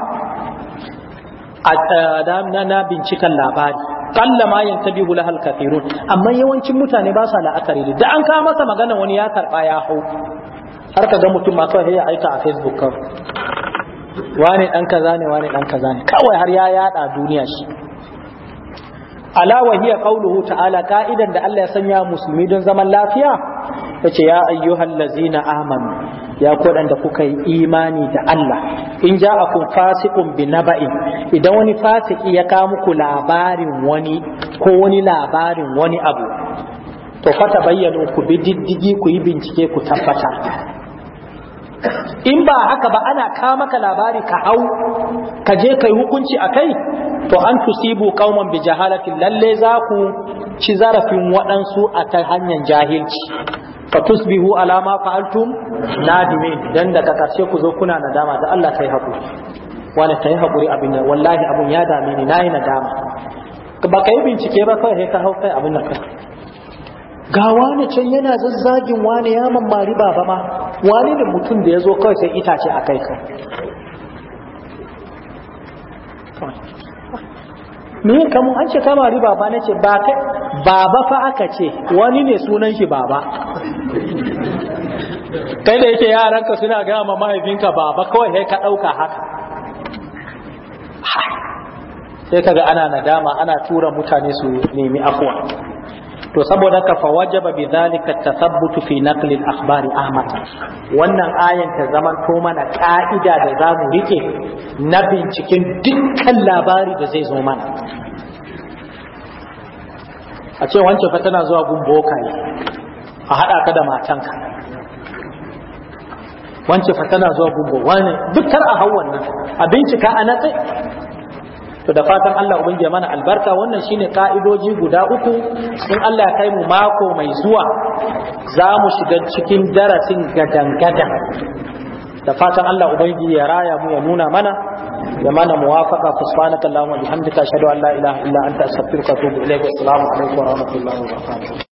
na na bincikan labari kalla ma yantabihu lahal kathirun amma yawancin mutane ba sa la'akari da an kawo masa magana wani ya karba ya hau har ka ga mutum ma ya aika a facebook kawai wane dan kaza ne wane dan kaza ne kawai har ya yada duniya shi ala wa hiya qawluhu ta'ala ka'idan da Allah ya sanya musulmi don zaman lafiya yace ya ayyuhal ladzina amanu ya ku da kuka yi imani da Allah in ja'akum fasiqun binaba'in idan wani fasiki ya ka muku labarin wani ko wani labarin wani abu to fata bayyana ku bi diddigi ku yi bincike ku tabbata in ba haka ba ana ka maka labari ka hau ka je kai hukunci a kai to an tusibu kauman bi jahalatin lalle za ku ci zarafin waɗansu a ta hanyar jahilci fa tusbihu ala ma fa'altum nadime dan daga karshe ku zo kuna nadama da Allah kai hakuri wani kai hakuri abin wallahi abun ya dame ni nayi nadama ba kai bincike ba kawai sai ka hau kai abin nan ga wani can yana zazzagin wani ya mammari baba ma wani ne mutum da ya zo kawai sai itace a kai ka me an ce kama riba ba na ce baba fa aka ce wani ne sunan shi baba kai da yake yaranka suna gaya mahaifinka baba kawai sai ka ɗauka haka sai ka kaga ana nadama ana tura mutane su nemi afuwa to saboda ka fa wajaba bi zalika tathabbutu fi naqli al-akhbari ahmad wannan ayan ta zaman to mana ka'ida da zamu rike na binciken dukkan labari da zai zo mana a ce wancan fa tana zuwa gun ne? a hada ka da matanka wancan fa tana zuwa gun wani dukkan a hawwan nan a bincika a natsi to da fatan Allah ubangiji mana albarka wannan shine ka'idoji guda uku sun Allah ya kai mu mako mai zuwa za mu shiga cikin darasin gadangada da fatan Allah ubangiji ya raya mu ya nuna mana ya mana muwafaqa subhanaka allahumma bihamdika ashhadu an la ilaha illa anta astaghfiruka wa atubu ilayk wa assalamu alaikum wa rahmatullahi wa barakatuh